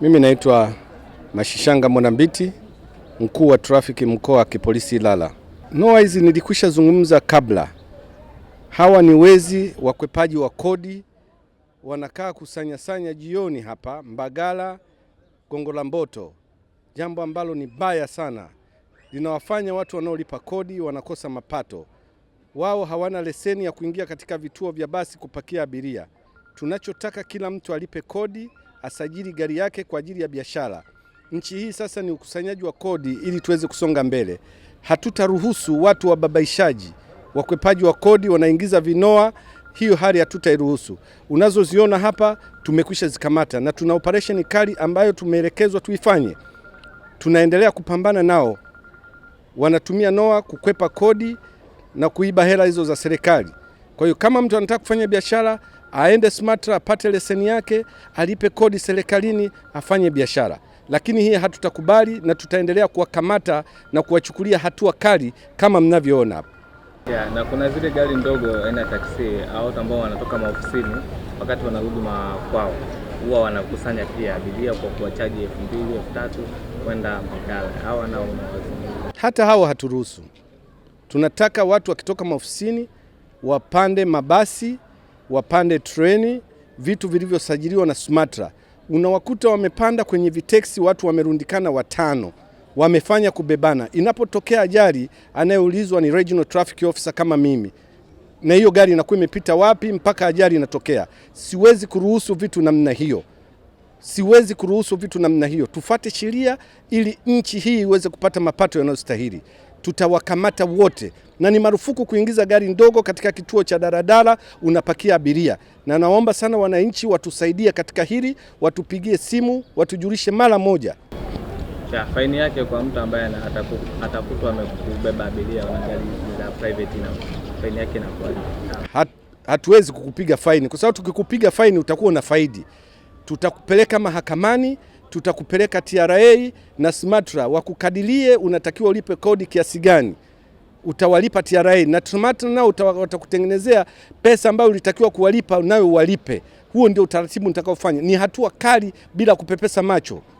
Mimi naitwa Mashishanga Mwanambiti, mkuu wa trafiki mkoa wa kipolisi Ilala. NOA hizi nilikwisha zungumza kabla. Hawa ni wezi wakwepaji wa kodi, wanakaa kusanyasanya jioni hapa Mbagala, Gongo la Mboto, jambo ambalo ni baya sana, linawafanya watu wanaolipa kodi wanakosa mapato. Wao hawana leseni ya kuingia katika vituo vya basi kupakia abiria. Tunachotaka kila mtu alipe kodi asajili gari yake kwa ajili ya biashara. Nchi hii sasa ni ukusanyaji wa kodi ili tuweze kusonga mbele. Hatutaruhusu watu wababaishaji, wakwepaji wa kodi, wanaingiza vinoa. Hiyo hali hatutairuhusu. Unazoziona hapa tumekwisha zikamata na tuna operation kali ambayo tumeelekezwa tuifanye. Tunaendelea kupambana nao, wanatumia noa kukwepa kodi na kuiba hela hizo za serikali. Kwa hiyo kama mtu anataka kufanya biashara aende SMATRA apate leseni yake, alipe kodi serikalini, afanye biashara. Lakini hii hatutakubali na tutaendelea kuwakamata na kuwachukulia hatua kali kama mnavyoona hapa. Yeah, na kuna zile gari ndogo aina ya taksi au watu ambao wanatoka maofisini wakati wanarudi makwao huwa wanakusanya pia abiria kwa kuwachaji elfu mbili elfu tatu kwenda Mbagala. au nao hata hao haturuhusu. Tunataka watu wakitoka maofisini wapande mabasi wapande treni, vitu vilivyosajiliwa na SUMATRA. Unawakuta wamepanda kwenye viteksi, watu wamerundikana watano, wamefanya kubebana. Inapotokea ajali, anayeulizwa ni regional traffic officer kama mimi, na hiyo gari inakuwa imepita wapi mpaka ajali inatokea. Siwezi kuruhusu vitu namna hiyo. Siwezi kuruhusu vitu namna hiyo. Tufate sheria ili nchi hii iweze kupata mapato yanayostahili. Tutawakamata wote, na ni marufuku kuingiza gari ndogo katika kituo cha daladala unapakia abiria. Na naomba sana wananchi watusaidie katika hili, watupigie simu, watujulishe mara moja. Ya, faini yake kwa mtu ambaye atakutwa amekubeba abiria na gari la private na faini yake inakuwa. Hatuwezi kukupiga faini kwa sababu tukikupiga faini utakuwa na faidi tutakupeleka mahakamani, tutakupeleka TRA na SUMATRA wakukadilie unatakiwa ulipe kodi kiasi gani, utawalipa TRA na SUMATRA nao watakutengenezea pesa ambayo ulitakiwa kuwalipa nayo uwalipe. Huo ndio utaratibu nitakaofanya. Ni hatua kali bila kupepesa macho.